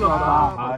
ha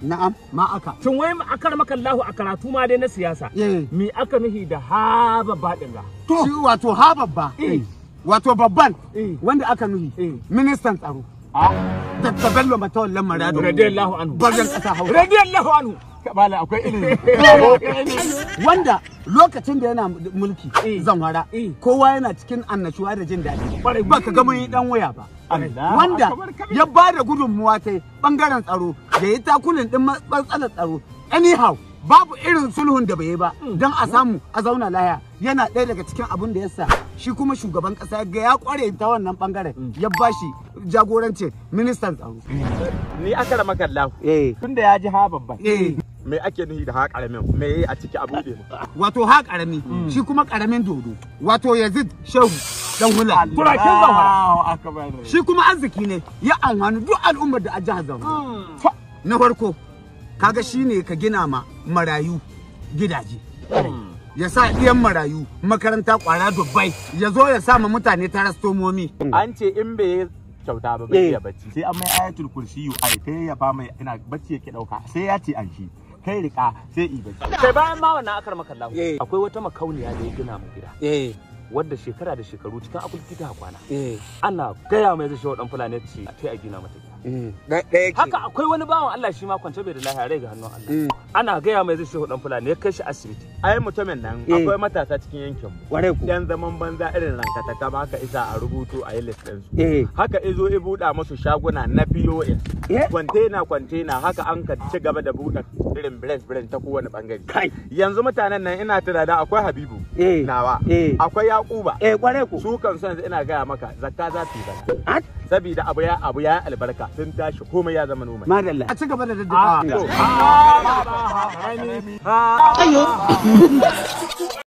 Na'am. Ma aka. Cin wai ma akar makallahu a karatu ma dai na siyasa. Me aka nuhi da ha baɗin ga? To. Shi wato haba ba. Eh. wato babban eh. wanda aka nuhi eh. ministan tsaro ah. Dr. Bello Matawallan Marado. Radiyallahu anhu. Barzan ƙasa hausa. Radiyallahu anhu. Kabala akwai ilimi. Wanda lokacin da yana mulki eh. zanwara kowa yana cikin annashuwa da jin daɗi ba ka ga mun yi dan waya ba wanda ya ba da gudunmuwa ta bangaren tsaro da ya takunan din matsalar tsaro anyhow babu irin sulhun da bai ba mm. don a samu a zauna laya yana ɗaya daga cikin abin da yasa shi kuma shugaban ƙasa ga ya kware ta wannan bangaren mm. ya shi jagorancin ministan tsaro ni aka rama kallahu eh. tun da ya ji ha babban eh. me ake nufi da ha karamin me yayi a ciki abu da wato ha karami mm. shi kuma karamin dodo wato yazid shehu dan hula turakin zawara shi kuma arziki ne ya anwani duk al'ummar da a jihar zamfara na farko kaga shine ka gina ma marayu gidaje ya sa iyan marayu makaranta kwara dubai ya zo ya sa ma mutane rastomomi. an ce in bai kyauta ba bai iya eh, bacci sai an mai ayatul yu ai kai ya ba mai ina bacci yake dauka sai ya ce an shi kai rika sai i bacci kai bayan ma wannan akar maka Allah eh. akwai wata makauniya da ya gina mu gida eh. wadda shekara da shekaru cikin akulki ta kwana ana gaya mai zai shi wadan dan fulani ce a gina mata haka akwai wani bawan Allah shi ma kwance bai da lafiya rai ga hannun Allah mm. ana gaya mai zai shi hudan fulani ya kai shi asibiti ai mutumin nan mm. akwai matasa cikin yankin mu ware ku dan zaman banza irin rankata ka haka isa a rubutu a yi list su eh. haka izo i buɗa musu shaguna na POS eh. kwantena kwantena haka an ka ci gaba da buɗa irin branch branch ta kowane bangare yanzu mutanen nan ina tunanin akwai Habibu eh. nawa akwai Yakuba eh kware ku su kan san ina gaya maka zakka za ta yi bana saboda abu ya abu ya albarka sun tashi komai ya zama noma madalla a ci gaba da daddawa